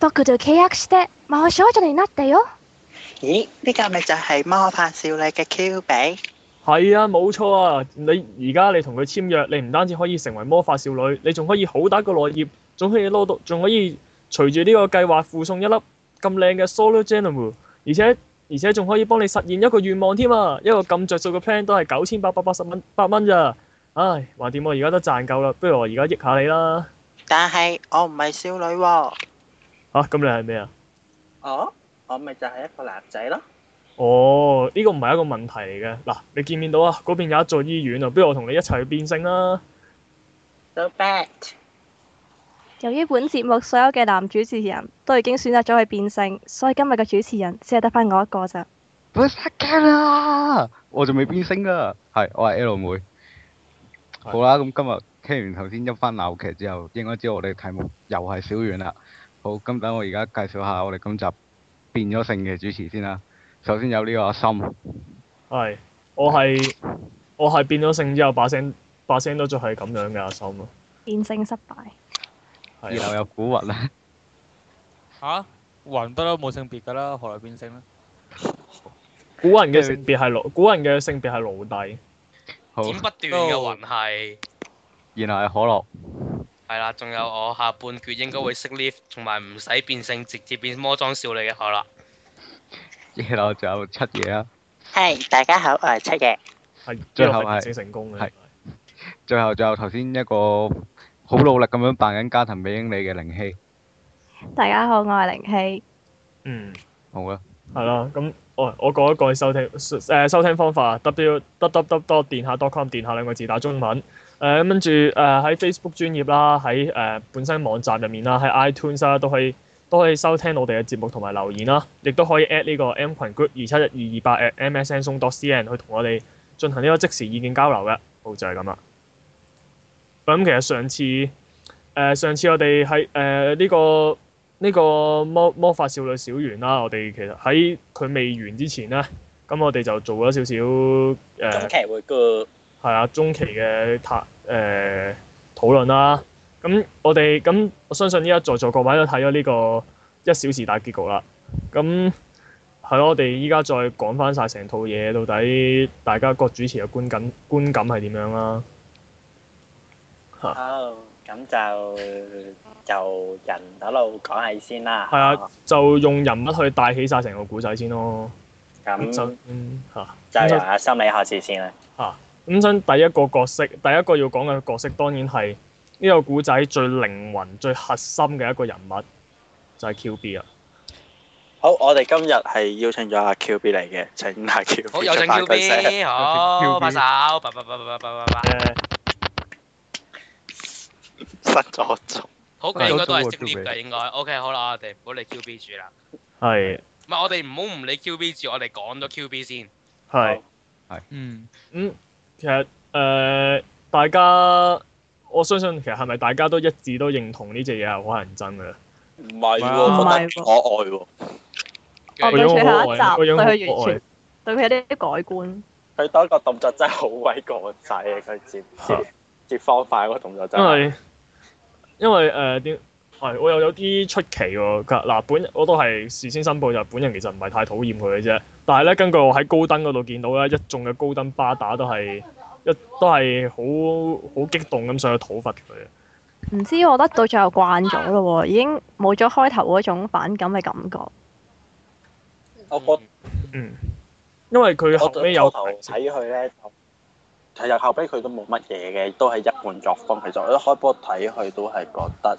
得佢做契約式，魔法少女嚟，得咦，呢個咪就係魔法少女嘅 Q 比？係啊，冇錯啊！你而家你同佢簽約，你唔單止可以成為魔法少女，你仲可以好大個落葉，仲可以攞到，仲可以隨住呢個計劃附送一粒咁靚嘅 Solar Gem，而且而且仲可以幫你實現一個願望添啊！一個咁着數嘅 plan 都係九千八百八十蚊八蚊咋？唉，話掂我而家都賺夠啦，不如我而家益下你啦。但係我唔係少女喎、哦。啊，咁你係咩啊？哦，我咪就係一個男仔咯。哦，呢個唔係一個問題嚟嘅。嗱，你見唔見到啊？嗰邊有一座醫院啊，不如我同你一齊去變性啦。So bad。由於本節目所有嘅男主持人都已經選擇咗去變性，所以今日嘅主持人只係得翻我一個咋。我殺仲未變性啊，係 我係 L 妹。好啦，咁今日聽完頭先一番鬧劇之後，應該知道我哋嘅題目又係小圓啦。好，咁等我而家介紹下我哋今集變咗性嘅主持先啦。首先有呢個阿心，係我係我係變咗性之後把聲把聲都仲係咁樣嘅阿心咯。變性失敗，是然後有古惑咧，吓還得啦，冇性別噶啦，何來變性咧？古人嘅性別係奴，古人嘅性別係奴隸，剪不斷嘅云係，然後係可樂。係啦，仲有我下半闕應該會識 lift，同埋唔使變性，直接變魔裝少女嘅，可樂。然後，仲有七爺啊！係大家好，我係七爺。係最後係成功嘅。係，最後就頭先一個好努力咁樣扮緊家庭美英你嘅凌希。大家好，我係凌希。嗯，好啊。係啦，咁我我講一個收聽誒收聽方法啊，w w w. 電下 .com，電下兩個字打中文。誒咁跟住、嗯、誒喺、呃、Facebook 專頁啦，喺誒、呃、本身網站入面啦，喺 iTunes 啦都可以都可以收聽我哋嘅節目同埋留言啦，亦都可以 at 呢個 M 群 group 二七一二二八 MSN 送 d o t c 去同我哋進行呢個即時意見交流嘅，好就係咁啦。咁、嗯、其實上次誒、呃、上次我哋喺誒呢個呢、這個魔魔法少女小圓啦，我哋其實喺佢未完之前呢，咁我哋就做咗少少誒、呃、中期會嘅係啊中期嘅塔。誒、嗯、討論啦，咁我哋咁我相信依家在座各位都睇咗呢個一小時大結局啦，咁係咯，我哋依家再講翻晒成套嘢，到底大家各主持嘅觀,觀感觀感係點樣啦？好，咁就就人喺度講起先啦。係啊，就用人物去帶起晒成個故仔先咯。咁真，嚇，就講下心理學先啦、啊。啊本身，第一個角色，第一個要講嘅角色，當然係呢個古仔最靈魂、最核心嘅一個人物，就係 Q B 啊！好，我哋今日係邀請咗阿 Q B 嚟嘅，請阿 Q B 拍台。好，有請 Q B。好，拍手，啪啪啪啪啪啪啪。失咗重。好，應該都係識啲嘅，應該。O K，好啦，我哋唔好理 Q B 住啦。係。唔係，我哋唔好唔理 Q B 住，我哋講咗 Q B 先。係。係。嗯嗯。其實誒、呃，大家我相信其實係咪大家都一致都認同呢隻嘢係好人憎嘅？唔係喎，唔係可愛喎。 我對佢第一集對佢完全對佢啲改觀。佢多、啊、 個動作真係好鬼過仔，佢接接接方塊嗰個動作真係。因為因、呃、為係，我又有啲出奇喎。嗱，本我都係事先申報，就係本人其實唔係太討厭佢嘅啫。但係咧，根據我喺高登嗰度見到咧，一眾嘅高登巴打都係一都係好好激動咁想去討伐佢。唔知我覺得到最後慣咗咯喎，已經冇咗開頭嗰種反感嘅感覺。我嗯，嗯，因為佢後尾有頭睇佢咧，其實後尾佢都冇乜嘢嘅，都係一貫作風。其實我開波睇佢都係覺得。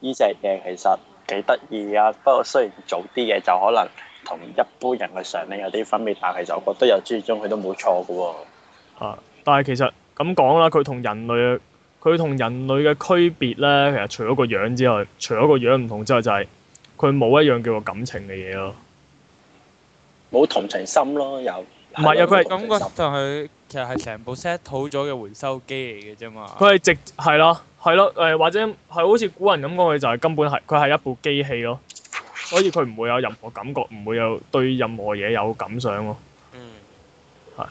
呢隻嘢其實幾得意啊！不過雖然早啲嘢就可能同一般人嘅常理有啲分別，但係其實我覺得有追蹤佢都冇錯㗎喎，哦。啊！但係其實咁講啦，佢同人類嘅佢同人類嘅區別咧，其實除咗個樣之外，除咗個樣唔同之外，就係佢冇一樣叫做感情嘅嘢咯。冇同情心咯，又唔係啊！佢係是感覺，就是，但係。其實係成部 set 好咗嘅回收機嚟嘅啫嘛。佢係直係咯，係咯，誒或者係好似古人咁講，嘅，就係根本係，佢係一部機器咯。所以佢唔會有任何感覺，唔會有對任何嘢有感想咯。嗯。係。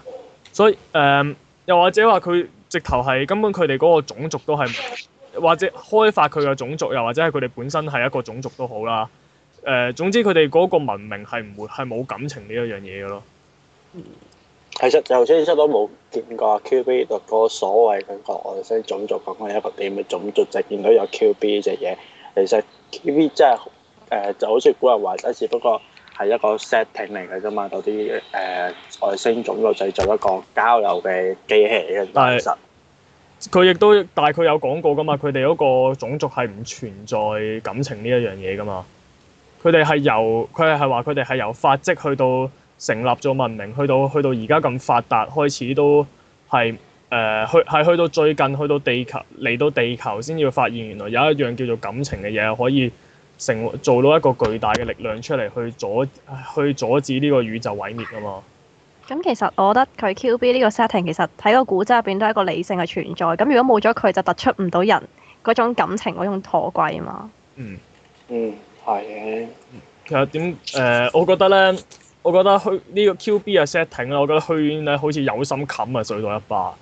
所以誒、呃，又或者話佢直頭係根本佢哋嗰個種族都係，或者開發佢嘅種族，又或者係佢哋本身係一個種族都好啦。誒、呃，總之佢哋嗰個文明係唔會係冇感情呢一樣嘢嘅咯。其實就先出都冇見過 QB 嗰個所謂嘅外星種族講緊一個點嘅種族，就見到有 QB 呢隻嘢。其實 QB 真係誒、呃、就好似古人話齋，只不過係一個 setting 嚟嘅啫嘛，有啲誒外星種族製造一個交流嘅機器嘅。但係佢亦都，大概有講過噶嘛，佢哋嗰個種族係唔存在感情呢一樣嘢噶嘛。佢哋係由佢係係話佢哋係由法跡去到。成立咗文明，去到去到而家咁發達，開始都係誒、呃、去係去到最近，去到地球嚟到地球先要發現，原來有一樣叫做感情嘅嘢可以成做到一個巨大嘅力量出嚟去阻去阻止呢個宇宙毀滅啊嘛！咁、嗯嗯、其實我覺得佢 QB 呢個 setting 其實喺個古仔入邊都係一個理性嘅存在。咁如果冇咗佢，就突出唔到人嗰種感情嗰種可貴啊嘛！嗯嗯係嘅。其實點誒？我覺得咧。我覺得虛呢個 QB 啊 setting 啦，我覺得虛咧好似有心冚啊水到一巴巴。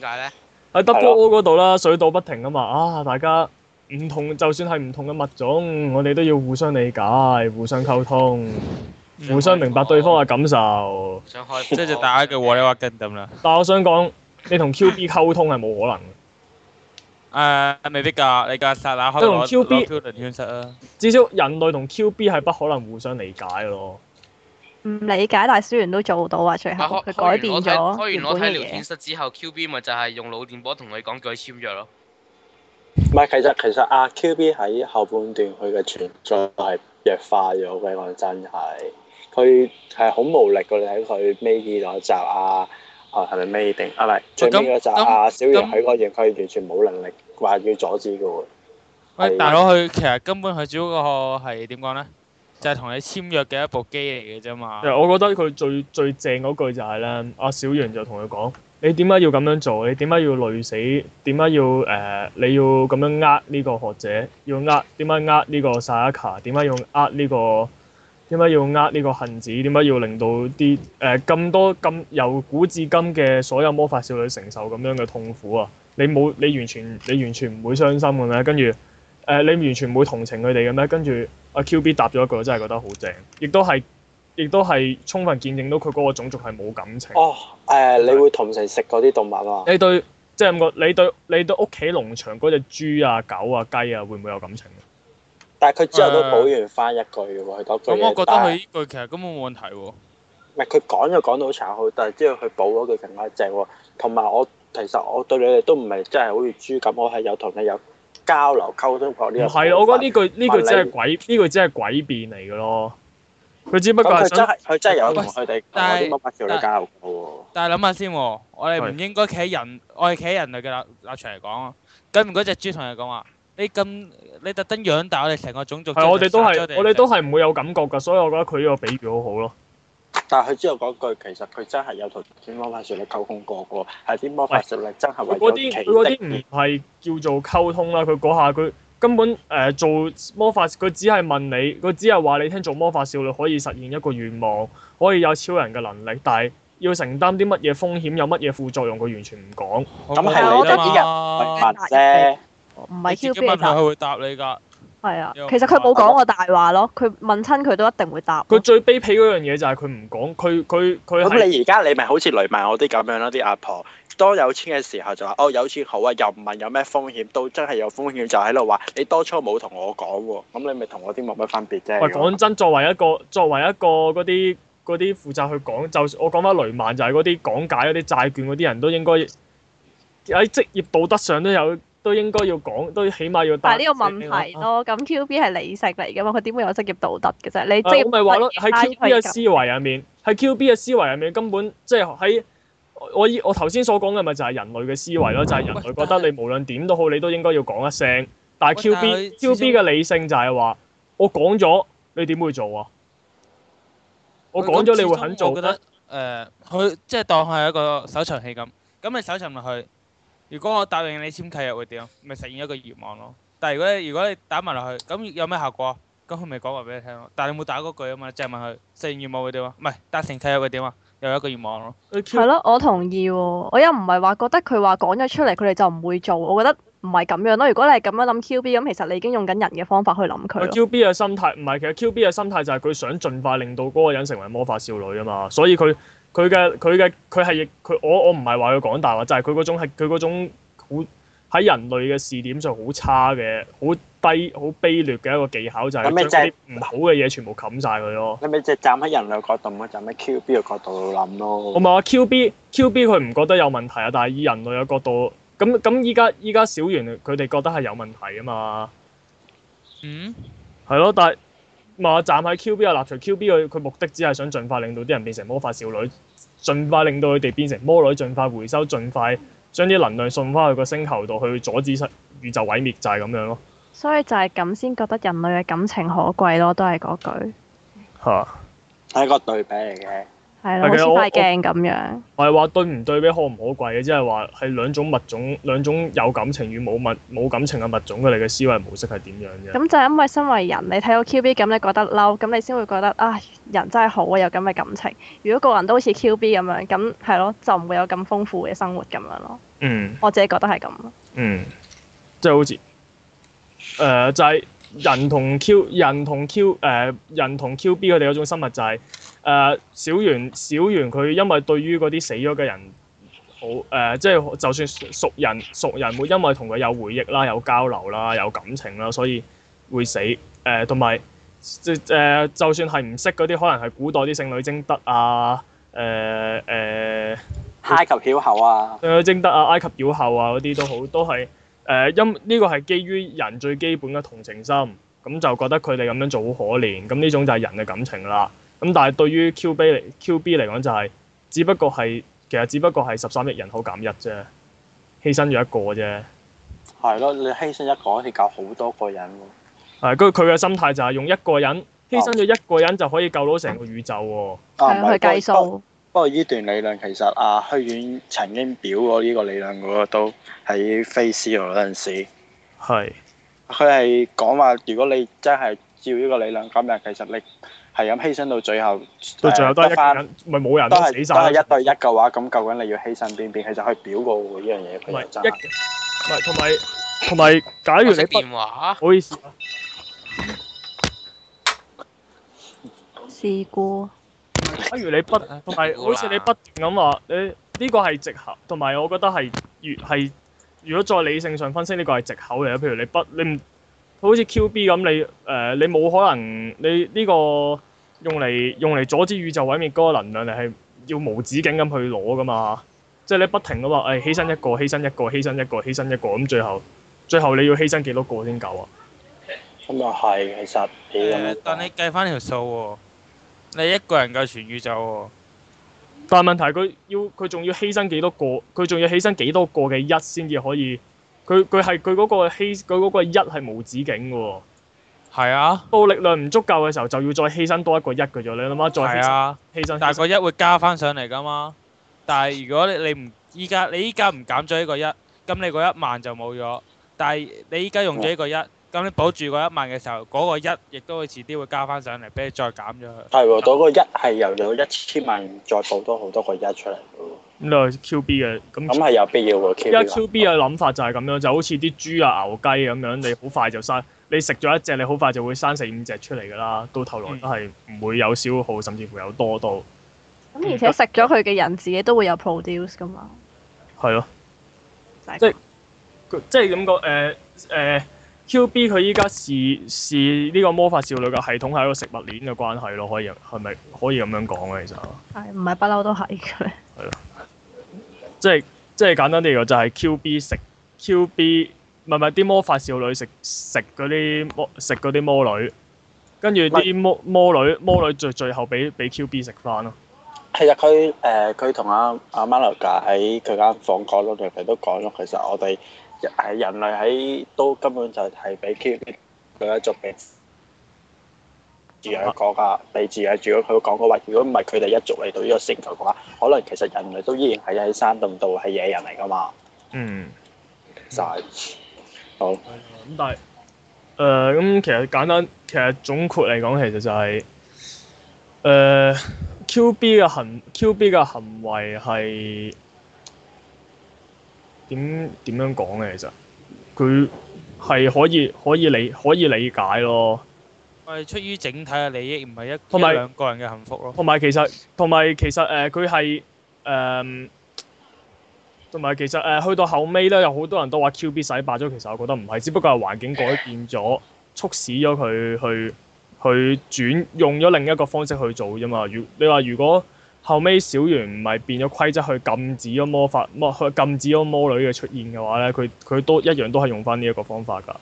點解咧？喺 W O 嗰度啦，水到不停啊嘛！啊，大家唔同就算係唔同嘅物種，我哋都要互相理解、互相溝通、互相明白對方嘅感受。想開波，即係大家嘅 what you want 咁啦。但係我想講，你同 Q B 溝通係冇可能。 誒、啊，未必㗎。你架剎那開，都同 Q B 討論啊。B，至少人類同 Q B 係不可能互相理解咯。唔理解，但係雖然都做到啊，最後佢改變咗。開完我睇聊天室之後，Q B 咪就係用腦電波同佢講句簽約咯。唔係，其實其實啊，Q B 喺後半段佢嘅存在係弱化咗嘅，我真係。佢係好無力嘅，你睇佢尾二兩集啊。啊，係咪未定？啊咪，最緊要就阿小袁喺嗰樣，佢完全冇能力話要阻止嘅喎。喂，大佬，佢其實根本佢只嗰個係點講咧？就係、是、同你簽約嘅一部機嚟嘅啫嘛。我覺得佢最最正嗰句就係、是、咧，阿小袁就同佢講：你點解要咁樣做？你點解要累死？點解要誒、呃？你要咁樣呃呢個學者？要呃點解呃呢個薩卡？點解要呃呢、呢個？點解要呃呢個杏子？點解要令到啲誒咁多咁由古至今嘅所有魔法少女承受咁樣嘅痛苦啊？你冇你完全你完全唔會傷心嘅咩？跟住誒你完全唔會同情佢哋嘅咩？跟住阿 QB 答咗一句，我真係覺得好正，亦都係亦都係充分見證到佢嗰個種族係冇感情。哦、oh, uh, 吧，誒你會同情食嗰啲動物啊、就是？你對即係咁個你對你對屋企農場嗰隻豬啊狗啊雞啊會唔會有感情？但係佢之後都補完翻一句嘅喎，咁我覺得佢呢句其實根本冇問題喎，啊。唔係佢講就講到好慘，但係之後佢補嗰句更加正喎。同埋我其實我對你哋都唔係真係好似豬咁，我係有同你有交流溝通過呢。係啊，我覺得呢句呢句真係鬼，呢句真係詭辯嚟嘅咯。佢只不過係想佢真係有同佢哋。但係但諗下先，我哋唔應該企喺人，是我哋企喺人類嘅立立場嚟講啊。咁唔該隻豬同你講話。你咁，你特登養大我哋成個種族的我我，我哋都係，我哋都係唔會有感覺噶，所以我覺得佢呢個比喻好好咯。但係佢之後嗰句，其實佢真係有同魔法少女溝通過過，係啲魔法少女真係為嗰啲，啲唔係叫做溝通啦，佢嗰下佢根本誒、呃、做魔法少女，佢只係問你，佢只係話你聽做魔法少女可以實現一個願望，可以有超人嘅能力，但係要承擔啲乜嘢風險，有乜嘢副作用，佢完全唔講。咁係你啦啫。 唔係超級答佢會答你㗎，係啊，其實佢冇講過大話咯，佢、啊、問親佢都一定會答。佢最卑鄙嗰樣嘢就係佢唔講，佢佢佢。咁你而家你咪好似雷曼嗰啲咁樣咯，啲阿婆當有錢嘅時候就話哦有錢好啊，又唔問有咩風險，都真係有風險就喺度話你當初冇同我講喎。咁你咪同我啲冇乜分別啫。喂，講真，作為一個作為一個嗰啲啲負責去講，就我講翻雷曼就係嗰啲講解嗰啲債券嗰啲人都應該喺職業道德上都有。都應該要講，都起碼要答但呢個問題咯。咁 QB 係理性嚟嘅嘛，佢點會有職業道德嘅啫？你即係、啊、我咪話咯，喺 QB 嘅思維入面，喺 QB 嘅思維入面根本即係喺我我頭先所講嘅咪就係人類嘅思維咯，就係、是、人類覺得你無論點都好，你都應該要講一聲。但係 QB QB 嘅理性就係、是、話，我講咗你點會做啊？我講咗你會肯做？我覺得誒，佢即係當係一個首場戲咁。咁你首場咪去。如果我答應你簽契約會點？咪實現一個願望咯。但係如果如果你打埋落去，咁有咩效果啊？咁佢咪講話俾你聽咯。但係你冇打嗰句啊嘛，淨係問佢實現願望會點啊？唔係達成契約會點啊？又一個願望咯。係咯 Q，我同意喎、哦。我又唔係話覺得佢話講咗出嚟，佢哋就唔會做。我覺得唔係咁樣咯。如果你係咁樣諗 Q B，咁其實你已經用緊人嘅方法去諗佢咯。Q B 嘅心態唔係，其實 Q B 嘅心態就係佢想盡快令到嗰個人成為魔法少女啊嘛，所以佢。佢嘅佢嘅佢係，佢我我唔係話佢講大話，就係佢嗰種係佢嗰種好喺人類嘅視點上好差嘅好低好卑劣嘅一個技巧，就係將啲唔好嘅嘢全部冚晒佢咯。你咪即係站喺人類角度咪站喺 Q B 嘅角度度諗咯。我唔係話 Q B Q B 佢唔覺得有問題啊，但係以人類嘅角度，咁咁依家依家小圓佢哋覺得係有問題啊嘛。嗯。係咯，但係。我站喺 Q B 嘅立場，Q B 佢目的只係想盡快令到啲人變成魔法少女，盡快令到佢哋變成魔女，盡快回收，盡快將啲能量送翻去個星球度去阻止失宇宙毀滅就係、是、咁樣咯。所以就係咁先覺得人類嘅感情可貴咯，都係嗰句嚇，係哈一個對比嚟嘅。係好似塊鏡咁樣。我係話對唔對比可唔可貴嘅，即係話係兩種物種，兩種有感情與冇物冇感情嘅物種佢哋嘅思維模式係點樣嘅？咁就係因為身為人，你睇到 Q B 咁，你覺得嬲，咁你先會覺得啊，人真係好啊，有咁嘅感情。如果個人都好似 Q B 咁樣，咁係咯，就唔會有咁豐富嘅生活咁樣咯。嗯。我自己覺得係咁咯。嗯，即係好似，誒，就係、是、人同 Q 人同 Q 誒、呃、人同 Q B 佢哋嗰種生物就係、是。誒、uh, 小圓小圓，佢因為對於嗰啲死咗嘅人好誒，即、uh, 係就，就算熟人熟人會因為同佢有回憶啦、有交流啦、有感情啦，所以會死誒。同埋即誒，就,、uh, 就算係唔識嗰啲，可能係古代啲聖女貞德啊、誒、uh, 誒、uh, 埃及妖后啊、聖女貞德啊、埃及妖后啊嗰啲都好，都係誒，uh, 因呢個係基於人最基本嘅同情心，咁就覺得佢哋咁樣做好可憐，咁呢種就係人嘅感情啦。咁但係對於 QB 嚟 QB 嚟講就係、是，只不過係其實只不過係十三億人口減一啫，犧牲咗一個啫。係咯，你犧牲一個可以救好多個人喎。係，跟住佢嘅心態就係用一個人犧牲咗一個人就可以救到成個宇宙喎、啊。啊，唔係，不過不過呢段理論其實啊，虛遠曾經表過呢個理論嘅喎，都喺 Face 上嗰陣時。係的。佢係講話，如果你真係照呢個理論咁樣，其實你。係咁犧牲到最後，到最後都係一班，咪冇人都死曬。都係一對一嘅話，咁究竟你要犧牲邊邊？其實可以表個呢樣嘢。唔係一，唔係同埋同埋，假如你不，唔好意思。事故。假如你不？同埋好似你不斷咁話，誒呢個係藉口，同埋我覺得係越係，如果在理性上分析，呢個係藉口嚟嘅。譬如你不，你唔好似 QB 咁，你誒你冇可能，你呢個。用嚟用嚟阻止宇宙毀滅嗰個能量，你係要無止境咁去攞噶嘛？即係你不停咁話，誒、哎、犧牲一個，犧牲一個，犧牲一個，犧牲一個，咁最後最後你要犧牲幾多個先夠啊？咁又係，其實你但你計翻條數喎，哦，你一個人計全宇宙喎，哦。但係問題佢要佢仲要犧牲幾多個？佢仲要犧牲幾多個嘅一先至可以？佢佢係佢嗰個佢嗰個一係無止境嘅喎，哦。係啊，到力量唔足夠嘅時候，就要再犧牲多一個一嘅啫。你諗下再犧牲，係啊，犧牲，犧牲大個一會加翻上嚟噶嘛？但係如果你唔依家，你依家唔減咗一個一，咁你嗰一萬就冇咗。但係你依家用咗一個一，咁你保住嗰一萬嘅時候，嗰、那個一亦都會遲啲會加翻上嚟，俾你再減咗佢。係喎吧，嗰就個一係由有一千萬再補多好多個一出嚟。咁你話 QB 嘅咁咁係有必要嘅 QB QB 嘅諗法就係咁樣，就好似啲豬啊、牛、雞咁樣，你好快就生。你食咗一隻，你好快就會生四五隻出嚟㗎啦，到頭來都係唔會有消耗，甚至乎有多到。咁、嗯、而且食咗佢嘅人自己都會有 produce 㗎嘛。係咯、嗯，即係即係咁講誒誒，QB 佢依家試試呢個魔法少女嘅系統係一個食物鏈嘅關係咯，可以係咪可以咁樣講啊？其實係唔係不嬲都係嘅。係咯。 即係，即係簡單啲嚟講，就係、是、Q.B. 食 Q.B. 唔係，唔係啲魔法少女食食嗰啲魔食嗰啲魔女，跟住啲魔魔女魔女最最後俾俾 Q.B. 食翻咯。係實佢誒，佢同阿阿馬 a n 聊緊喺佢間房講咗，佢平都講咗其實我哋誒人類喺都根本就係俾 Q.B. 佢一族嘅。自養講啊，你自養住，如果佢講嗰話，如果唔係佢哋一族嚟到呢個星球嘅話，可能其實人類都依然係喺山洞度係野人嚟噶嘛，嗯嗯。嗯。曬、嗯。好、嗯。咁但係，誒咁其實簡單，其實總括嚟講，其實就係、是、誒、呃、Q B 嘅行，Q B 嘅行為係點點樣講嘅？其實佢係可以可以理可以理解咯。係出於整體嘅利益，唔係一同埋和兩個人嘅幸福咯。同埋其實，同埋其實，誒，佢係誒，同埋其實，誒，去到後尾咧，有好多人都話 QB 洗白咗，其實我覺得唔係，只不過係環境改變咗，促使咗佢去去轉用咗另一個方式去做啫嘛。如你話如果後尾小圓唔係變咗規則去禁止咗魔法，唔去禁止咗魔女嘅出現嘅話咧，佢佢都一樣都係用翻呢一個方法噶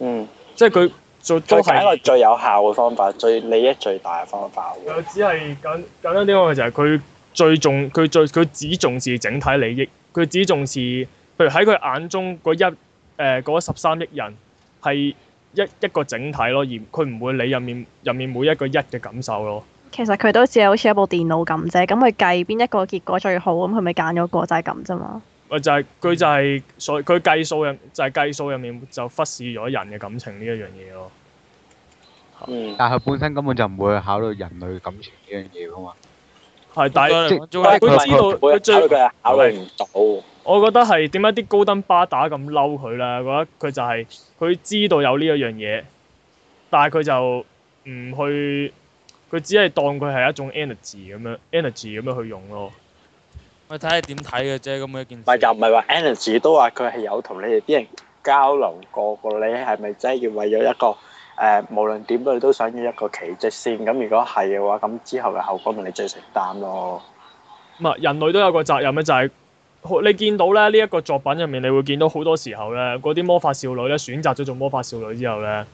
嗯，即係佢。都係一個最有效嘅方法，最利益最大嘅方法喎。只係簡簡單啲講，就係佢最重佢最佢只重視整體利益，佢只重視譬如喺佢眼中嗰一誒十三億人係一一個整體咯，而佢唔會理入面入面每一個一嘅感受咯。其實佢都只係好似一部電腦咁啫，咁佢計邊一個結果最好，咁佢咪揀咗個仔係咁啫嘛。咪就係、是、佢就係所佢計數入就係、是、計數入面就忽視咗人嘅感情呢一樣嘢咯。嗯。但佢本身根本就唔會去考慮人類感情呢樣嘢噶嘛。係，但係佢知道，佢最佢係考慮唔到。我覺得係點解啲高登巴打咁嬲佢啦？我覺得佢就係佢知道有呢一樣嘢，但係佢就唔去，佢只係當佢係一種 energy 咁樣，energy 咁樣去用咯。我睇下點睇嘅啫，咁嘅一件事。但又唔係話，Andrew 都話佢係有同你哋啲人交流過。個你係咪真係要為咗一個誒、呃，無論點都都想要一個奇蹟先？咁如果係嘅話，咁之後嘅後果咪你最承擔咯。唔係人類都有個責任咧，就係、是、你見到咧呢一、這個作品入面，你會見到好多時候咧嗰啲魔法少女咧選擇咗做魔法少女之後咧，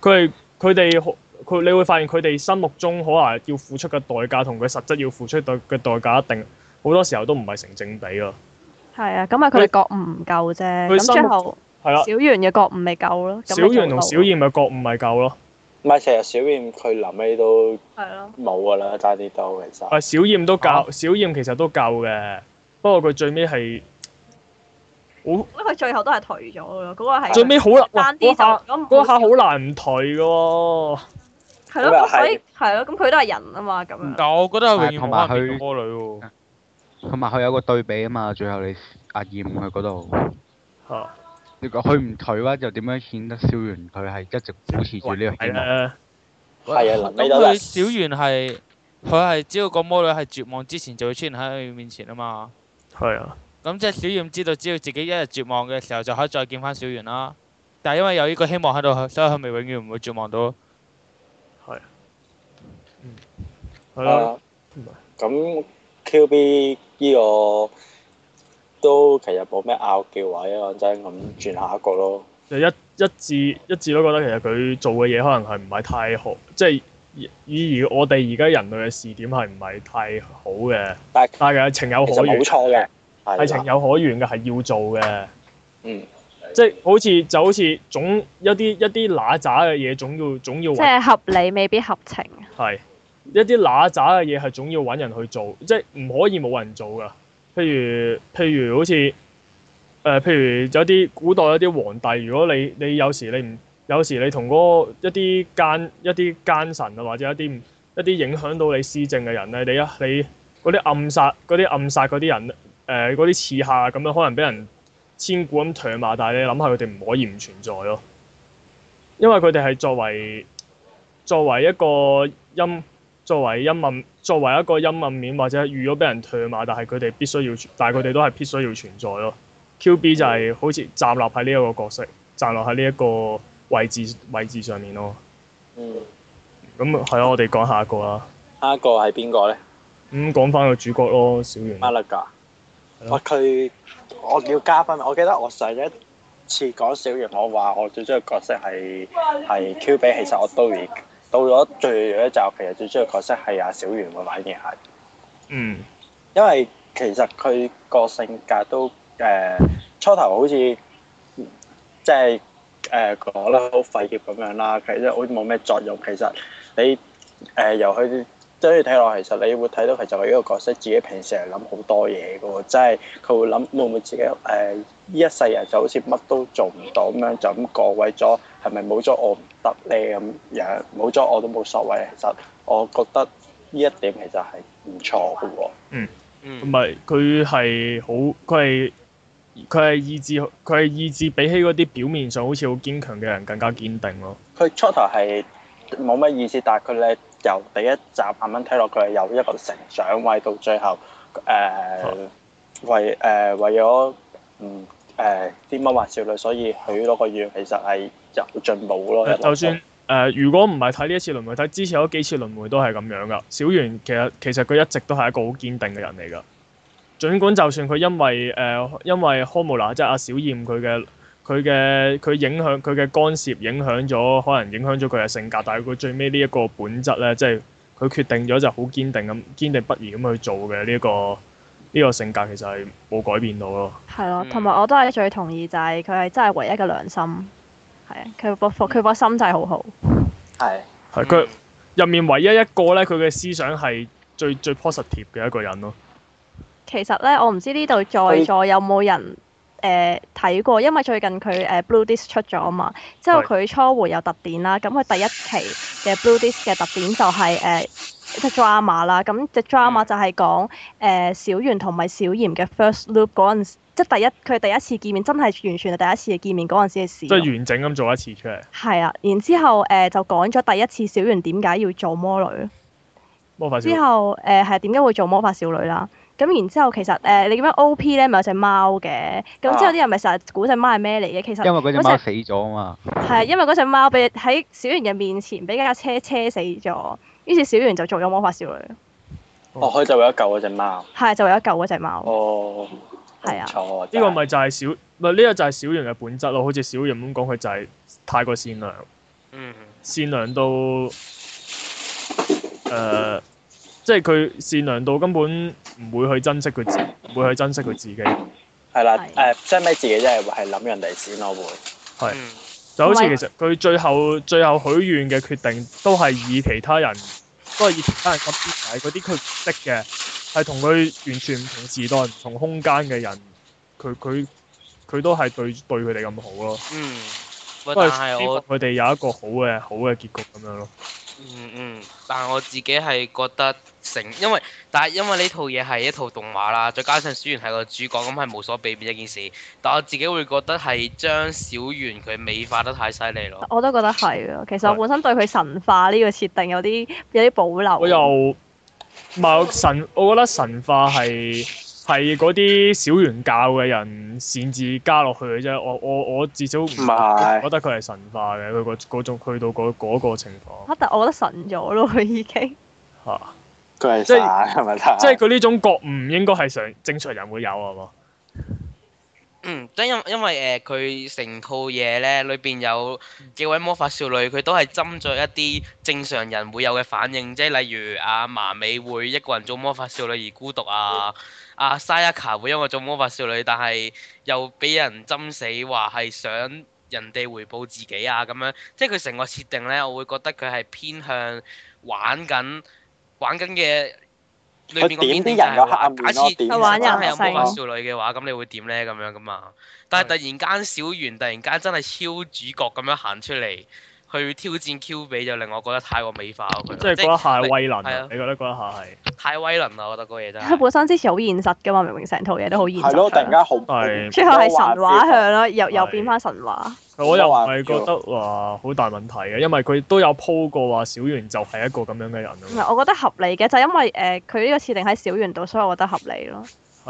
佢佢哋佢你會發現佢哋心目中可能要付出嘅代價，同佢實質要付出代嘅代價一定。好多時候都唔係成正比咯，係啊，咁啊佢哋覺悟唔夠啫，咁最後係啦，小圓嘅覺悟咪夠咯，小圓同小燕咪覺悟咪夠咯，咪成日小燕佢臨尾都係咯冇噶啦，揸啲刀其實，啊小燕都夠，小燕其實都夠嘅，不過佢最尾係好，佢最後都係頹咗咯，嗰個係最尾好難，啲下嗰下好難唔頹噶喎，係咯，所以係咯，咁佢都係人啊嘛，咁但我覺得永遠唔方便女。同埋佢有個對比啊嘛，最後你阿燕去嗰度，哦、啊，如果佢唔退嘅話，就點樣顯得小圓佢係一直保持住呢個希望？啊，咁佢小圓係，佢係只要個魔女係絕望之前就會出現喺佢面前啊嘛。係啊的。咁即係小燕知道，只要自己一日絕望嘅時候，就可以再見返小圓啦。但係因為有呢個希望喺度，所以佢咪永遠唔會絕望到。係的。嗯。係喇。咁、uh, 嗯。QB 呢，這個都其實冇咩拗撬位啊，真咁轉下一個咯。就一一致一致都覺得其實佢做嘅嘢可能係唔係太好，即、就、係、是、以以我哋而家人類嘅視點係唔係太好嘅。但係是嘅情有可原，冇錯嘅係情有可原嘅係要做嘅。嗯，即係好似就好似總一啲一啲乸渣嘅嘢，總要總要即係合理，未必合情。係。一啲乸吒嘅嘢係總要揾人去做，即係唔可以冇人做噶。譬如譬如好似誒、呃、譬如有啲古代一啲皇帝，如果你你有時你唔有時你同嗰一啲奸一啲奸臣啊，或者一啲一啲影響到你施政嘅人咧，你啊你嗰啲暗殺嗰啲暗殺嗰啲人誒嗰啲刺客啊，咁樣可能俾人千古咁唾罵，但係你諗下佢哋唔可以唔存在咯，因為佢哋係作為作為一個陰。作為陰作為一個陰暗面，或者遇咗俾人唾罵，但係佢哋必須要存，但係佢哋都係必須要存在咯。Q B 就係好似站立喺呢一個角色，站立喺呢一個位置位置上面咯。嗯，咁係啊，我哋講下一個啦。下一個係邊個咧？咁、嗯、講翻個主角咯，小圓。阿 l a 我佢，我叫嘉賓。我記得我上一次講小圓，我話我最中意角色係係 Q B，其實我都認。到咗最尾一集，其實最主要角色係阿小圓會玩嘢，嗯，因為其實佢個性格都誒、呃、初頭好似、嗯、即係誒講得好廢竭咁樣啦，其實好似冇咩作用。其實你誒、呃、由佢即追睇落，其實你會睇到其實佢呢個角色自己平時係諗好多嘢㗎喎，即係佢會諗會唔會自己呢、呃、一世人就好似乜都做唔到咁樣，就樣，就咁過位咗。係咪冇咗我唔得咧？咁又冇咗我都冇所謂。其實我覺得呢一點其實係唔錯嘅喎。嗯嗯，唔係佢係好佢係佢係意志，佢係意志比起嗰啲表面上好似好堅強嘅人更加堅定咯。佢初頭係冇乜意思，但係佢咧由第一集慢慢睇落，佢係有一個成長，為到最後誒、呃啊、為誒、呃、為咗嗯誒啲乜話少女，所以許多個月其實係。有進步咯。就算誒、呃，如果唔係睇呢一次輪迴，睇之前有幾次輪迴都係咁樣噶。小圓其實其實佢一直都係一個好堅定嘅人嚟噶。儘管就算佢因為誒、呃、因為康慕娜即係阿小燕佢嘅佢嘅佢影響佢嘅干涉影響咗，可能影響咗佢嘅性格，但係佢最尾呢一個本質咧，即係佢決定咗就好堅定咁堅定不移咁去做嘅呢、呢個呢、呢個性格其實係冇改變到咯。係咯、啊，同埋我都係一最同意，就係佢係真係唯一嘅良心。係啊，佢個心態好好。係，係佢入面唯一一個咧，佢嘅思想係最最 positive 嘅一個人咯、哦。其實咧，我唔知呢度在座有冇人誒睇、呃、過，因為最近佢誒、呃、Blue Disc 出咗啊嘛。之後佢初回有特典啦，咁佢第一期嘅 Blue Disc 嘅特典就係一隻 Drama 啦。咁隻 Drama 就係講誒、呃、小圓同埋小炎嘅 First Loop 嗰陣時。即係第一，佢第一次見面，真係完全係第一次嘅見面嗰陣時嘅事。即係完整咁做一次出嚟。係啊，然之後誒、呃、就講咗第一次小圓點解要做魔女。魔法少女。之後誒係點解會做魔法少女啦？咁然之後其實誒、呃、你點樣 OP 咧？咪有隻貓嘅？咁之後啲人咪成日估隻貓係咩嚟嘅？其實因為嗰隻貓死咗啊嘛。係啊，因為嗰隻貓俾喺小圓嘅面前俾架車車死咗，於是小圓就做咗魔法少女。哦，佢、哦、就為咗救嗰隻貓。係，就為咗救嗰隻貓。哦。係啊，呢個咪就係小咪呢、呢個就係小圓嘅本質咯，好似小圓咁講，佢就係太過善良，嗯，善良到誒，即係佢善良到根本唔會去珍惜佢，唔、嗯、會去珍惜佢自己。係、嗯、啦，誒，即係咩？自己即係係諗人哋先咯，會。係是，嗯、就好似其實佢最後最後許願嘅決定，都係以其他人，都係以其他人嗰啲仔嗰啲佢唔識嘅。係同佢完全唔同時代、唔同空間嘅人，佢佢佢都係對對佢哋咁好咯。嗯，喂，但係我佢哋有一個好嘅好嘅結局咁樣咯。嗯嗯，但係我自己係覺得成，因為但係因為呢套嘢係一套動畫啦，再加上小圓係個主角，咁係無所避免一件事。但我自己會覺得係將小圓佢美化得太犀利咯。我都覺得係，其實我本身對佢神化呢個設定有啲的有啲保留。我又。唔係神，我覺得神化係係嗰啲小圓教嘅人擅自加落去嘅啫。我我我至少唔覺得佢係神化嘅。佢個嗰種去到嗰、嗰、嗰、個嗰個情況。但我覺得神咗咯，佢已經嚇。佢係 即係係咪？係係即係佢呢種覺悟應該係常正常人會有啊！係嘛？嗯，即因因為誒，佢、呃、成套嘢咧，裏邊有幾位魔法少女，佢都係針對一啲正常人會有嘅反應，即係例如阿麻、啊、美會一個人做魔法少女而孤獨啊，阿沙雅卡會因為做魔法少女，但係又俾人針死，話，係想人哋回報自己啊咁樣，即係佢成個設定咧，我會覺得佢係偏向玩緊玩緊嘅。裏面佢點啲人個黑暗面，假設真係有魔法少女嘅話，咁你會點咧？咁樣噶嘛？但係突然間，小圓突然間真係超主角咁樣行出嚟。佢挑戰 Q 比就令我覺得太過美化，啊、我覺得。即係嗰一下係威能。你覺得嗰一下係太威能啊？我覺得嗰嘢真係。佢本身之前好現實噶嘛，明明成套嘢都好現實。係咯，突然間好大。是最後係神話向咯，又是又變翻神話。我又唔係覺得話好大問題嘅，因為佢都有鋪過話小圓就係一個咁樣嘅人。唔係，我覺得合理嘅，就係、因為誒佢呢個設定喺小圓度，所以我覺得合理咯。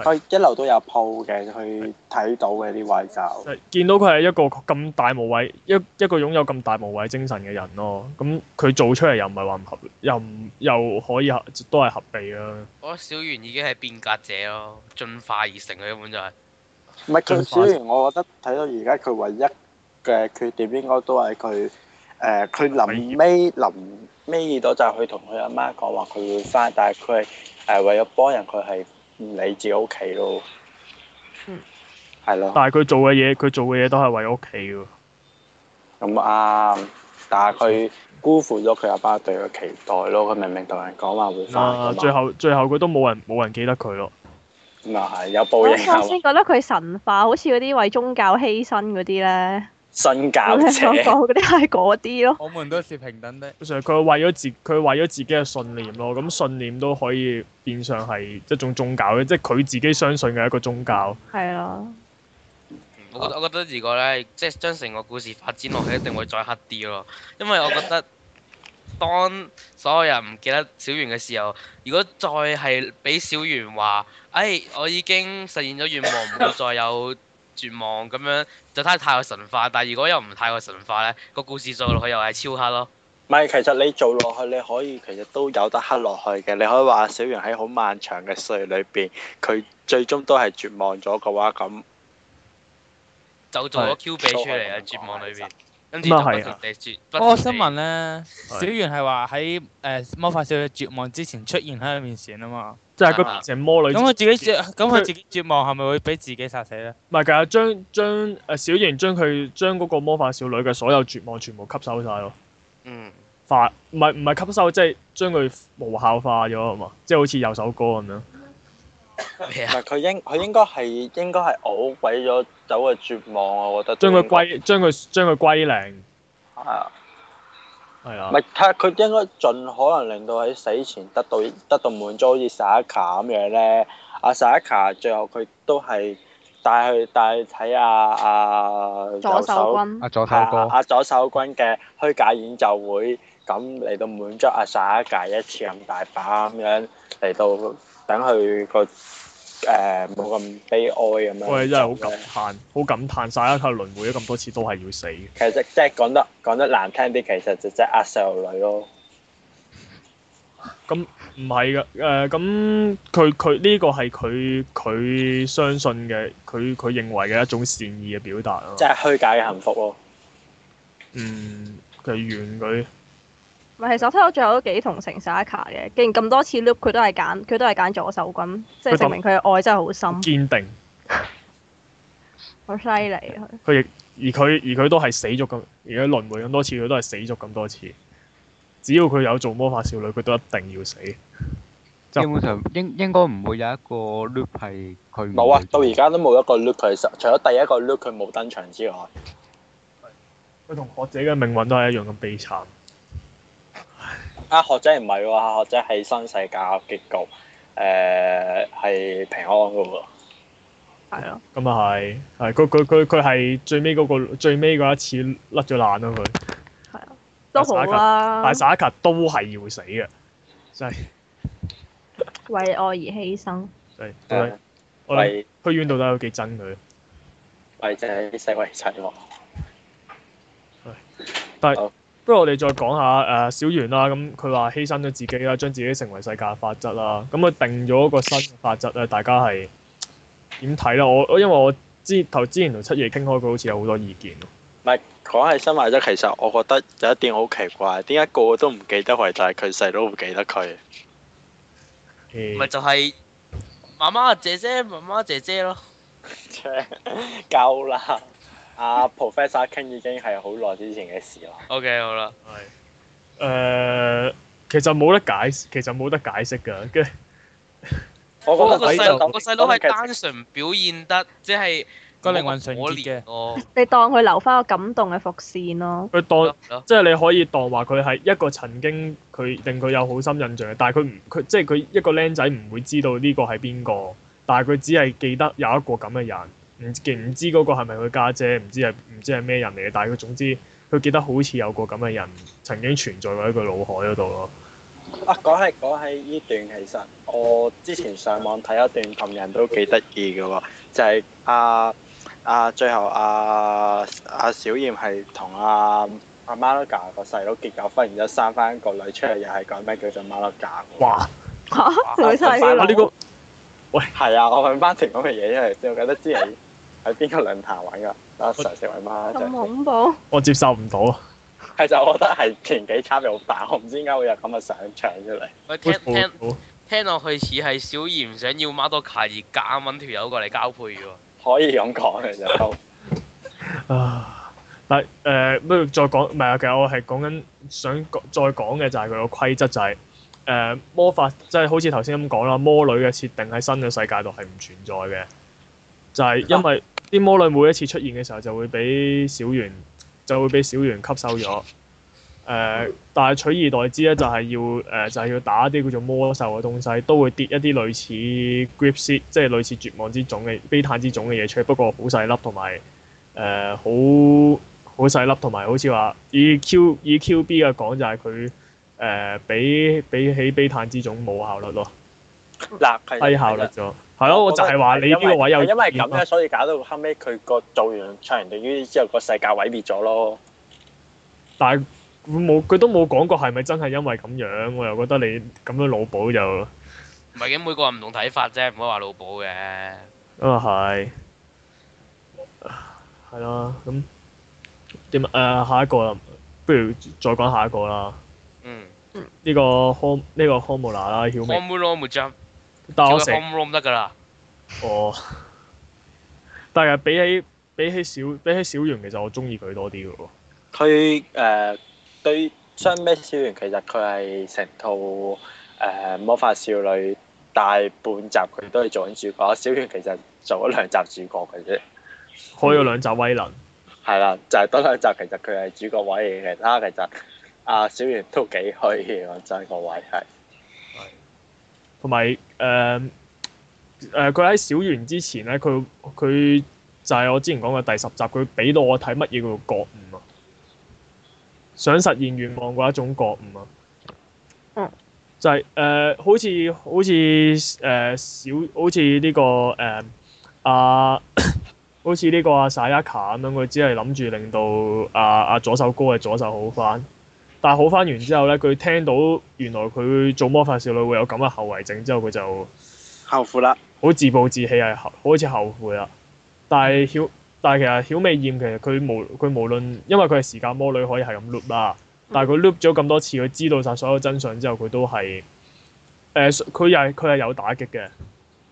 佢一路都有鋪嘅，去睇是的 到嘅啲位就係見到佢係一個咁大無畏，一一個擁有咁大無畏精神嘅人咯、哦。咁佢做出嚟又唔係話唔合，又唔又可以合，都係合幣啊。我覺得小圓已經係變革者咯，進化而成嘅根本就係唔係佢。進化 小圓，我覺得睇到而家佢唯一嘅缺點應該都係佢誒，佢、呃、臨尾臨尾到就係佢同佢阿媽講話佢會翻，但係佢係誒為咗幫人，佢係。唔理自己屋企咯，嗯，係咯。但係佢做嘅嘢，佢做嘅嘢都係為屋企嘅。咁啊，但係佢辜負咗佢阿爸對佢期待咯。佢明明同人講話會翻，啊，最後最後佢都冇人冇人記得佢咯。咁啊，係有報應嘅。我先覺得佢神化，好似嗰啲為宗教犧牲嗰啲咧。信教者，我哋講嗰啲係嗰啲咯。我們都是平等的。佢為咗自，佢為咗自己嘅信念咯。咁信念都可以變相係一種宗教，即係佢自己相信嘅一個宗教。係啊。我我覺得如果咧，即係將成個故事發展落去，一定會再黑啲咯。因為我覺得當所有人唔記得小圓嘅時候，如果再係俾小圓話，誒、哎，我已經實現咗願望，唔會再有。 絕望咁樣，就睇太過神化，但係如果又唔太過神化呢個故事做落去又係超黑咯。唔係，其實你做落去，你去，你可以其實都有得黑落去嘅。你可以話小楊喺好漫長嘅歲月裏邊，佢最終都係絕望咗嘅話，咁就做咗 Q B 出嚟喺對絕望裏邊。咁啊係啊！不過新聞咧，是小圓係話喺誒魔法少女絕望之前出現喺佢面前啊嘛。即係佢成魔女。咁佢自己絕，咁佢自己絕望係咪會俾自己殺死咧？唔係噶，將將誒小圓將佢將嗰個魔法少女嘅所有絕望全部吸收晒咯。嗯，化唔係唔係吸收，即係將佢無效化咗啊嘛，即係、就是、好似有首歌咁樣。係佢，嗯啊，應佢應該係應該係嘔鬼咗走嘅絕望，我覺得將佢歸將佢將佢歸零，係啊係啊係睇佢應該盡可能令到喺死前得到得到滿足，好似薩卡咁樣咧。阿薩卡最後佢都係帶去帶去睇下阿左手阿左泰哥阿左手軍嘅虛手，啊，假演奏會，咁嚟，嗯，到滿足阿薩卡一次咁大把咁樣嚟到。等佢個誒冇咁悲哀咁樣。喂，真係好感嘆，好，就是，感嘆曬啦！佢輪迴咗咁多次都係要死。其實即係講得講得難聽啲，其實就即係呃細路女咯。咁唔係噶誒，咁佢佢呢個係佢佢相信嘅，佢佢認為嘅一種善意嘅表達啊。即係虛假嘅幸福咯。嗯，佢言佢。唔係，其實我睇到最後都幾同情 Saaka 嘅。既然咁多次 loop，佢都係揀，佢都係揀左手棍，即係證明佢嘅愛真係好深堅定，好犀利佢。佢亦而佢而佢都係死咗咁，而家輪迴咁多次，佢都係死咗咁多次。只要佢有做魔法少女，佢都一定要死。基本上應應該唔會有一個 loop 係佢冇啊。到而家都冇一個 loop 其實，除咗第一個 loop 佢冇登場之外，佢同學姐嘅命運都係一樣咁悲慘。啊，學姐唔係喎，學姐係新世界結局，誒、呃、係平安噶喎。啊。咁啊係，係佢佢佢佢係最尾嗰個最尾嗰一次甩咗爛咯佢。係啊，都好啦。但薩卡都係要死嘅。係。為愛而犧牲。嗯、我哋我院屈原到底有幾憎佢？為這世外殘夢。係。但係。不過我哋再講下誒小圓啦，咁佢話犧牲咗自己啦，將自己成為世界法則啦，咁佢定咗一個新法則咧，大家係點睇咧？我我因為我之頭之前同七夜傾開，佢好似有好多意見，唔係講係新法則。其實我覺得有一點好奇怪，點解個個都唔記得佢，但係佢細佬會記得佢？咪 Hey, 就係媽媽姐姐、媽媽姐姐咯，夠啦。 阿、uh, Professor 傾已經係、okay, 好耐之前嘅事咯。O K 好啦，係。誒，其實冇得解，其實冇得解釋㗎。 跟住我覺得個細佬，個細佬係單純表現得，即係個靈魂純潔嘅。啊、哦。你當佢留翻個感動嘅伏線咯、哦。佢當，即係、啊啊、你可以當話佢係一個曾經佢令佢有好深印象嘅，但係佢唔，佢即係佢一個僆仔唔會知道呢個係邊個，但係佢只係記得有一個咁嘅人。唔唔知嗰個係咪佢家姐，唔知係唔知係咩人嚟嘅，但係佢總之佢記得好似有個咁嘅人曾經存在喺佢腦海嗰度咯。啊，講起講起呢段，其實我之前上網睇一段同人都幾得意嘅喎，就係阿阿最後阿、啊、阿小燕係同阿阿馬拉加個細佬結咗婚，然之後生翻個女出嚟，又係講咩叫做馬拉加？哇！嚇！再睇翻呢個，喂，係啊，我問翻同樣嘅嘢因為，我覺得之係。喺邊個論壇玩噶？阿 Sir 食維媽，咁恐怖，就是、我接受唔到。係 就我覺得係前幾 c 又好大，我唔知點解會有咁嘅相出嚟。我、哎、聽落去似係小焰，唔想要孖多卡而夾搵條友過嚟交配嘅，可以咁講嘅就都。啊， 嗱，誒、呃，不如再講，唔係啊，其實我係講緊想再講嘅就係佢個規則就係、是，誒、呃，魔法即係、就是、好似頭先咁講啦，魔女嘅設定喺新嘅世界度係唔存在嘅，就係、是、因為。 啲魔女每一次出現嘅時候就會俾小圓就會俾小圓吸收咗。誒、呃，但係取而代之咧就係要誒、呃、就係、是、要打一啲叫做魔獸嘅東西，都會跌一啲類似 Grief Seed 即係類似絕望之種嘅悲嘆之種嘅嘢出，不過好細粒同埋誒好好細粒，同埋、呃、好似話以 Q 以 Q B 嘅講就係佢誒比比起悲嘆之種冇效率咯，嗱低效率咗。係咯，我就係話你呢個位又因為咁咧，所以搞到後尾佢個做完唱完啲嘢之後，個世界毀滅咗咯。但係佢冇，佢都冇講過係咪真係因為咁樣。我又覺得你咁樣腦補就唔係嘅，每個人唔同睇法啫，唔好話腦補嘅。咁啊係，係啦，咁點誒下一個啦？不如再講下一個啦。嗯嗯，呢個康呢個康姆娜啦，曉明。但係我成 room 得噶啦。哦。但係比起比起小比起小圓、呃，其實我中意佢多啲噶喎。佢誒對《雙面小圓》，其實佢係成套誒魔法少女大半集佢都係做緊主角，小圓其實做咗兩集主角嘅啫。開咗兩集威能。係啦、嗯，就係多咗集，其實佢係主角位，其他嘅集阿小圓都幾虛，我真個位係。同埋誒，誒、佢、呃、喺、呃、小圓之前咧，佢佢就係我之前講嘅第十集，佢俾到我睇乜嘢叫覺悟啊？想實現願望嘅一種覺悟啊！嗯，就係、是、誒、呃，好似好似誒、小、好似呢、這個、誒、呃、啊， 好似呢、這個阿沙耶加咁樣，佢只係諗住令到啊、啊，左手哥嘅左手好翻。但好翻完之後咧，佢聽到原來佢做魔法少女會有咁嘅後遺症之後，佢就後悔啦，好自暴自棄啊，好似始後悔啦。但係曉，但係其實曉美焰其實佢無佢無論，因為佢係時間魔女可以係咁 loop 啊。但係佢 loop 咗咁多次，佢知道晒所有真相之後，佢都係誒，佢又佢係有打擊嘅，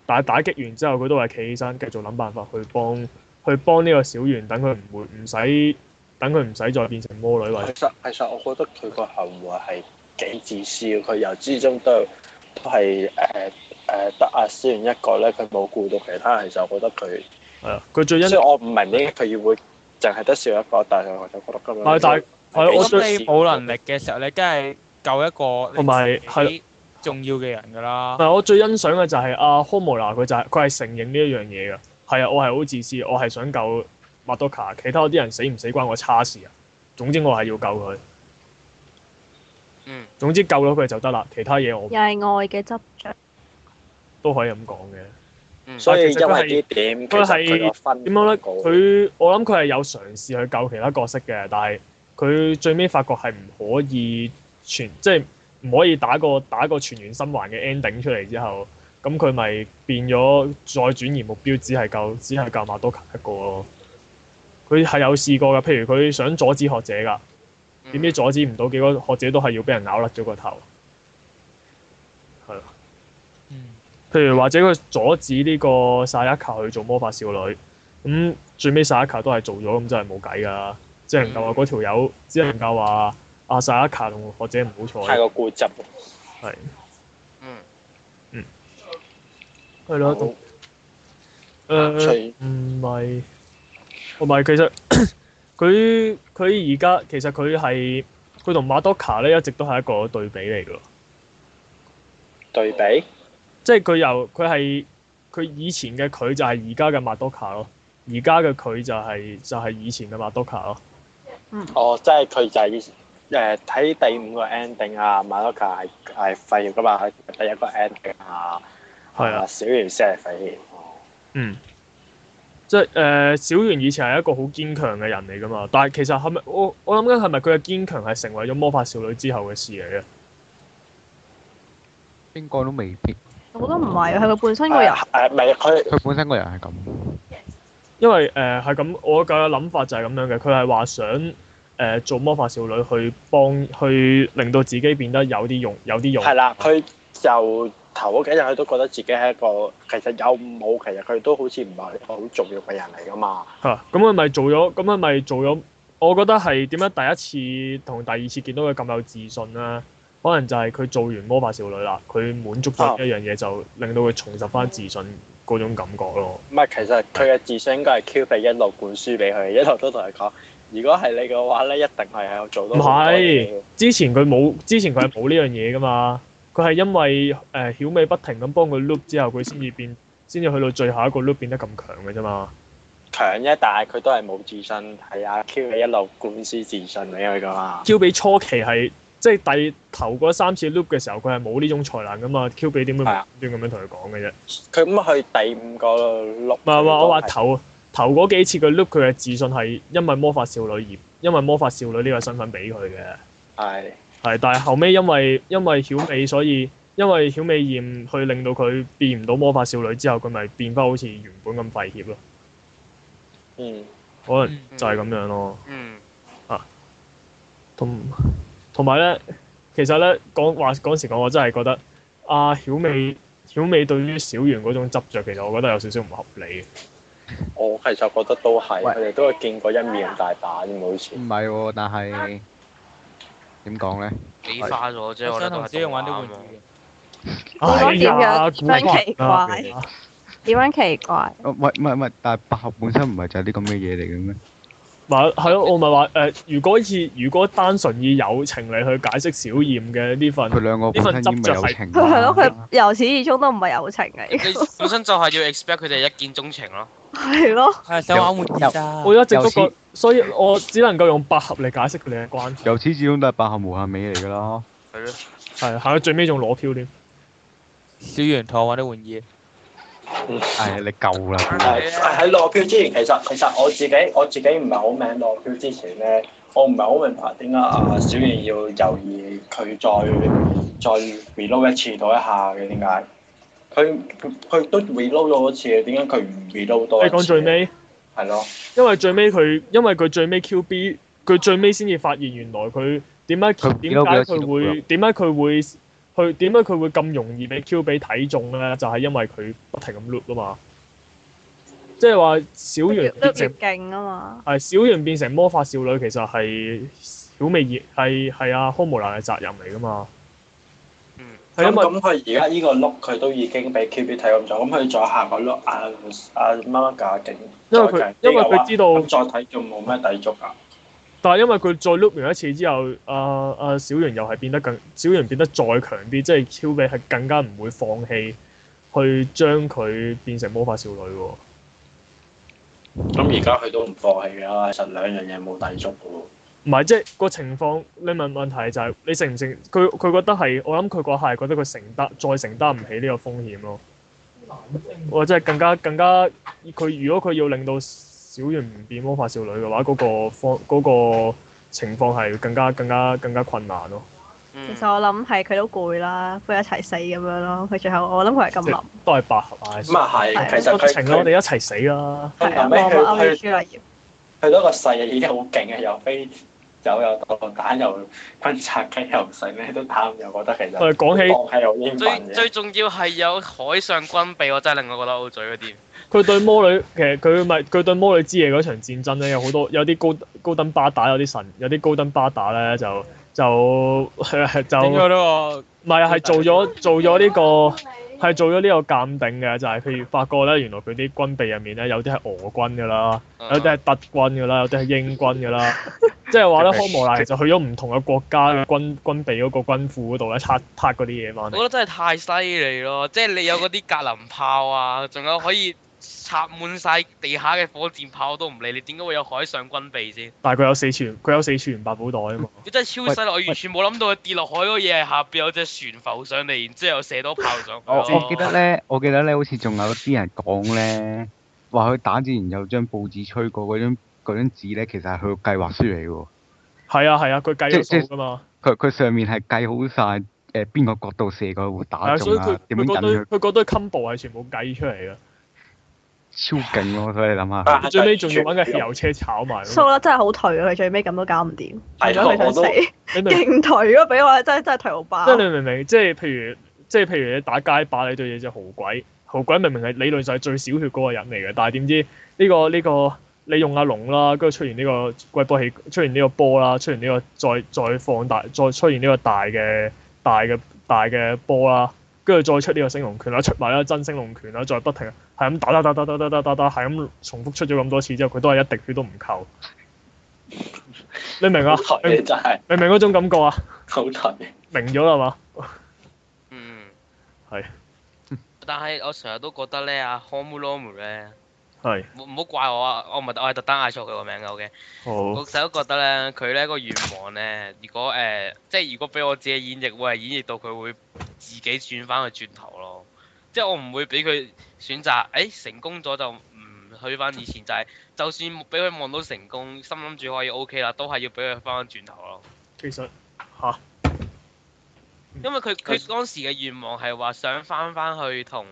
但係打擊完之後，佢都係企起身，繼續諗辦法去幫去幫呢個小圓，等佢唔會唔使。等佢唔使再變成魔女或者。其實其實我覺得佢個行為係幾自私，佢由始至終都都係誒得阿小圓一個咧，佢冇顧到其他人。其實我覺得佢誒，佢最欣。所以我唔明點解佢要會淨係得少一個，但係我就覺得咁樣。但係我冇能力嘅時候，你梗係救一個同埋係重要嘅人㗎啦。但係我最欣賞嘅就係阿康莫娜，佢就係佢係承認呢一樣嘢㗎。係啊，我係好自私，我係想救。馬多卡，其他啲人死唔死關我叉事啊！總之我係要救佢，嗯，總之救咗佢就得啦。其他嘢我又係愛嘅執着，都可以咁講嘅。所以佢係佢係點樣咧？佢我諗佢係有嘗試去救其他角色嘅，但係佢最尾發覺係唔可以全即係唔可以打個打個全員心環嘅 ending 出嚟之後，咁佢咪變咗再轉移目標，只係救只係救馬多卡一個咯。佢係有試過噶，譬如佢想阻止學者噶，點知、嗯、阻止唔到，幾個學者都係要俾人咬甩咗個頭。係啦，嗯，譬如或者佢阻止呢個薩一卡去做魔法少女，咁、嗯、最尾薩一卡都係做咗，咁真係冇計噶，只能夠話嗰條友，嗯、只能夠話阿薩一卡同學者唔好彩。係個固執。係。嗯。嗯。係 s 咯。誒、oh s，唔係。唔係，其實佢佢而家其實佢係佢同馬多卡咧一直都係一個對比嚟嘅。對比，即係佢又，佢係佢以前嘅佢就係而家嘅馬多卡咯，而家嘅佢就係、是、就係、是、以前嘅馬多卡咯。嗯。哦，即係佢就係誒睇第五個 ending 啊，馬多卡係係廢嘅嘛？喺第一個 ending 啊、呃，係啊的，小圓先係廢嘅。哦，嗯。即係誒、呃、小圓以前係一個好堅強嘅人嚟㗎嘛，但係其實係咪我我諗緊係咪佢嘅堅強係成為咗魔法少女之後嘅事嚟嘅？應該都未必。我覺得唔係，係佢、嗯、本身個人誒，唔係佢佢本身個人係咁。因為誒係咁，我嘅諗法就係咁樣嘅。佢係話想誒、呃、做魔法少女去幫去令到自己變得有啲用，有啲用。係啦，佢就。頭嗰幾日佢都覺得自己係一個其實有冇，其實佢都好似唔係一個好重要嘅人嚟噶嘛。嚇、啊，咁佢咪做咗？咁佢咪做咗？我覺得係點解？第一次同第二次見到佢咁有自信啦，可能就係佢做完魔法少女啦，佢滿足咗一樣嘢，啊、就令到佢重拾翻自信嗰種感覺咯。唔係，其實佢嘅自信應該係 QB 一路灌輸俾佢，一路都同佢講：如果係你嘅話咧，一定係有做到。唔係，之前佢冇，之前佢係冇呢樣嘢噶嘛。佢係因為誒、呃、曉美不停咁幫佢 loop 之後，佢先至變，先至去到最後一個 loop 變得咁強嘅啫嘛。強啫，但係佢都係冇自信，係阿、啊、Q, Q 比一路灌輸自信俾佢噶嘛。Q 比初期係即係第頭嗰三次 loop 嘅時候，佢係冇呢種才能噶嘛。Q 比點樣端咁樣同佢講嘅啫？佢咁去第五個 loop。唔係唔係我話說 頭啊頭嗰幾次佢 loop，佢嘅自信係因為魔法少女而因為魔法少女呢個身份俾佢嘅。係。係，但係後尾，因為因為曉美所以因為曉美嫌去令到佢變唔到魔法少女之後，佢咪變翻好似原本咁廢鐵、嗯、咯嗯。嗯，可能就係咁樣咯。嗯。啊。同同埋咧，其實咧講話嗰時講，我真係覺得阿曉美曉美對於小圓嗰種執著，其實我覺得有少少唔合理。我、哦、其實我覺得都係，我哋喂都係見過一面大把、啊、唔好意思，唔係喎，但係。點講咧？幾花咗之後，我同阿 Jian 玩啲玩具。點樣？點樣奇怪？點樣奇怪？喂，唔係唔係，但係百合本身唔係就係啲咁嘅嘢嚟嘅咩？咪係咯，我咪話誒，如果以如果單純以友情嚟去解釋小焰嘅呢份，佢兩個本身已經唔係友情。佢係咯，佢由始至終都唔係友情嚟。本身就係要 expect 佢哋一見鍾情咯。係咯。係想玩換衣，我一直都覺，所以我只能夠用百合嚟解釋佢哋嘅關係。由始至終都係百合無限美嚟㗎啦。係咯。係，行到最尾仲攞票添。小圓同我玩啲換衣。係、 哎、你夠啦！喺落票之前，哎、呀其實其實我自己我自己唔係好明落票之前咧，我唔係好明白點解啊小賢要猶豫再，佢再再 reload 一次多一下嘅點解？佢佢都 reload 咗一次，點解佢唔 reload 多一次？你講最尾，係咯因？因為最尾佢，因為佢最尾 Q B，佢最尾先至發現原來佢點解點解佢會點解佢會？佢點解佢會咁容易俾 QB 睇中咧？就係、是、因為佢不停咁 loop 啊嘛，即係話小圓一直勁啊嘛。係小圓變成魔法少女其實係小美係係係阿康無蘭嘅責任嚟噶嘛。嗯，咁咁佢而家呢個碌佢都已經俾 QB 睇咁咗。咁佢再下個碌啊啊乜乜架勁，因為佢因為佢知道再睇仲冇咩抵觸啊。但係因為佢再碌完一次之後，阿、啊、小圓又係變得更小圓變得再強啲，即係 QB 係更加唔會放棄去將佢變成魔法少女喎。咁而家佢都唔放棄㗎，其實兩樣嘢冇抵觸喎。唔係，即係個情況，你問問題就係你承唔承？佢佢覺得係，我諗佢個下係覺得佢承擔再承擔唔起呢個風險咯。或者係更加更加，佢如果佢要令到，小圓唔變魔法少女嘅話，嗰個方嗰個情況係更加更加更加困難咯。其實我諗係佢都攰啦，不如一齊死咁樣咯。佢最後我諗佢係咁諗，都係百合。咁啊係，其實情我哋一齊死啦。佢都個勢已經好勁啊，又飛走，又打又軍察機又唔使咩，都打唔入。覺得其實講起，最最重要係有海上軍備，我真係令我覺得好嘴嗰啲。佢對魔女其實佢咪佢對魔女之夜嗰場戰爭咧，有好多有啲高高登巴打有啲神有啲高登巴打咧就就 就點咗呢個？唔係啊，係做咗做咗呢個係做咗呢個鑑定嘅，就係譬如發覺咧，原來佢啲軍備入面咧有啲係俄軍噶啦，有啲係德軍噶啦，有啲係英軍噶啦，即係話咧，康莫那就去咗唔同嘅國家嘅軍 軍備嗰個軍庫嗰度咧，撻撻嗰啲嘢嘛。我覺得真係太犀利咯！即係你有嗰啲格林炮啊，仲有可以。 插滿晒地下嘅火箭炮都唔理，你點解會有海上軍備先？但係佢有四船，佢有四船八寶袋啊嘛！佢、嗯、真係超犀利喂我完全冇諗到佢跌落海嗰嘢係下邊有隻船浮上嚟，然之後射到炮上。我、哦、我記得咧，我記得咧，好似仲有啲人講咧，話佢打之前有張報紙吹過，嗰張嗰張紙咧其實係佢計劃書嚟㗎。係啊係啊，佢、啊、計數㗎嘛。佢佢上面係計好晒誒邊個角度射佢會打中啊？點樣引誘？佢嗰堆襟嗰堆係全部計出嚟㗎。超勁咯！我睇你諗下，啊、最尾仲要揾架汽油車炒埋。蘇 真係好頹啊！佢最尾咁都搞唔掂，係咯對我都勁頹咯！俾、啊、我係真真係頹好爆。即你明唔明？即係譬如，即係譬如你打街霸，你對住隻豪鬼，豪鬼明明係理論上係最少血嗰個人嚟嘅，但係點知呢、呢個呢、呢個、呢個、你用阿龍啦，跟住出現呢個貴波器，出現呢、呢個波啦，出現呢個現、呢個、再再放大，再出現呢個大嘅大嘅大嘅波啦，跟住再出呢個星龍拳啦，出埋啦真星龍拳啦，再不停。係咁打打打打打打打打，係咁重複出咗咁多次之後，佢都係一滴血都唔夠。你明啊？你係明唔明嗰種感覺啊？明咗啦嘛？嗯，係。但係我成日都覺得咧，阿 Hamulom 咧，係，唔好怪我啊！我唔係我係特登嗌錯佢個名嘅，我成日都覺得咧，佢咧個願望咧，如果誒，即係如果俾我自己演繹，會係演繹到佢會自己轉翻去轉頭咯。即係我唔會俾佢選擇，誒、哎、成功咗就唔去翻以前 就係，就算俾佢望到成功，心諗住可以 O K 啦，都係要俾佢翻翻轉頭咯。其實嚇，因為佢佢當時嘅願望係話想翻翻去同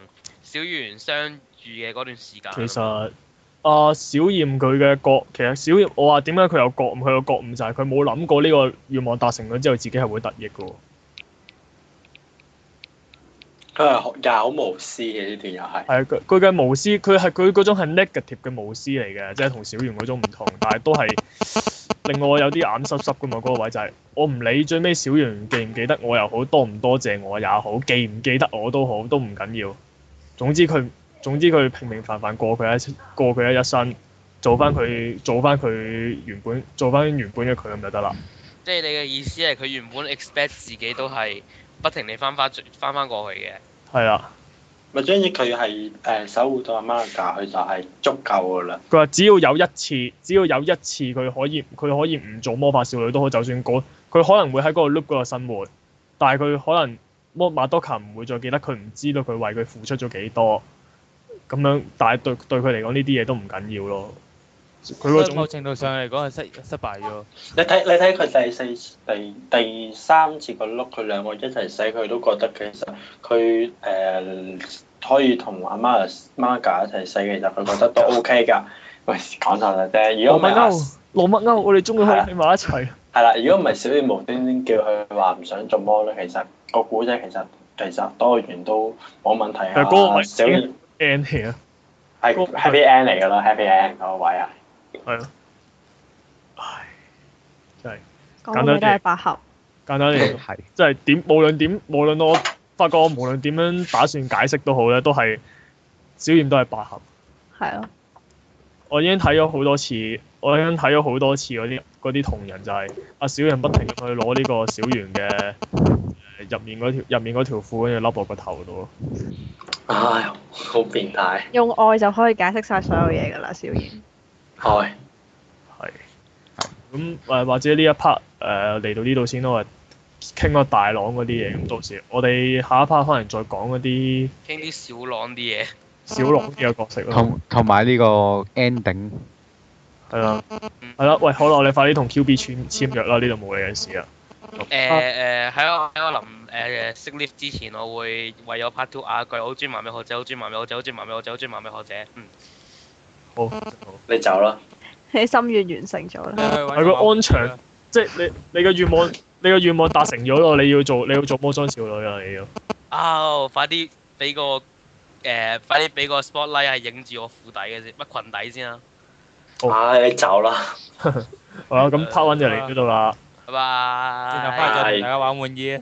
小圓相處嘅嗰段時間。其實阿、呃、小焰佢嘅覺，其實小焰我話點解佢有覺悟，佢有覺悟就係佢冇諗過呢個願望達成咗之後，自己係會得益喎。啊！好無私嘅，呢段又係係佢佢嘅無私，佢係佢嗰種係 negative 嘅無私嚟嘅，即係同小圓嗰種唔同，但係都係令我有啲眼濕濕噶嘛。嗰、那個位就係、是、我唔理最尾小圓記唔記得我又好，多唔多謝我也好，記唔記得我好都好都唔緊要。總之佢總之佢平平凡凡過佢一過佢一一生，做翻佢做翻佢原本做翻原本嘅佢咁就得啦。即係你嘅意思係佢原本 expect 自己都係不停地翻翻翻翻過去嘅。係啊，咪將佢係誒守護到阿媽嫁，佢就係足夠㗎啦。佢話只要有一次，只要有一次佢可以，佢可以唔做魔法少女都好。就算個佢可能會喺嗰個 loop 嗰度生活，但係佢可能魔馬多卡唔會再記得佢，唔知道佢為佢付出咗幾多咁樣。但係對對佢嚟講呢啲嘢都唔緊要咯。佢某程度上嚟講係失失敗咗。你睇你睇佢第四第第三次個碌，佢兩個一齊洗，佢都覺得其實。佢誒可以同阿 Maris 馬拉馬格一齊洗，其實佢覺得都 OK 㗎。喂，講錯啦啫！如果唔係羅密歐，我哋終於可以喺埋一齊。係啦，如果唔係小月無端端叫佢話唔想做魔女，其實個故仔其實其實多元都冇問題啊。係嗰個位。Happy End 係係 Happy End 嚟㗎啦，Happy End 嗰位啊。係咯，唉，真係簡單啲，都係百合。簡單啲係，即係點，無論點，無論我發覺，無論點樣打算解釋都好咧，都係小燕都係百合。係咯的，我已經睇咗好多次，我已經睇咗好多次嗰啲啲同人就係、是、阿小燕不停去攞呢個小圓嘅 入面嗰條入面條褲，跟住笠落個頭度。唉、哎，好變態。用愛就可以解釋晒所有嘢噶啦，小燕。係，係、哎。咁誒、嗯、或者呢一 part 誒、呃、嚟到呢度先咯，傾個大朗嗰啲嘢。咁到時我哋下一 part 可能再講嗰啲傾啲小朗啲嘢，小朗呢個角色咯。同埋呢個 ending。係啊、嗯，係咯。喂，好啦，我哋快啲同 Q B 簽簽約啦，呢度冇你嘅事啦。誒、嗯、誒，喺、欸呃、我喺我臨誒誒息 lift 之前，我會唯有 part two 阿句，我好中意麻美學姐好中意麻美學姐好中意麻美學姐好中意麻美學姐嗯。好，你走啦。你心願完成咗啦。係個安詳，即係你你個願望，你個願望達成咗咯。你要做你要做魔裝少女啊！你要。啊，快啲俾個誒，快啲俾個 spotlight 係影住我褲底嘅先，乜裙底先啊！好，你走啦。好啦，咁 part one 就嚟到啦。拜拜。祝大家玩滿意。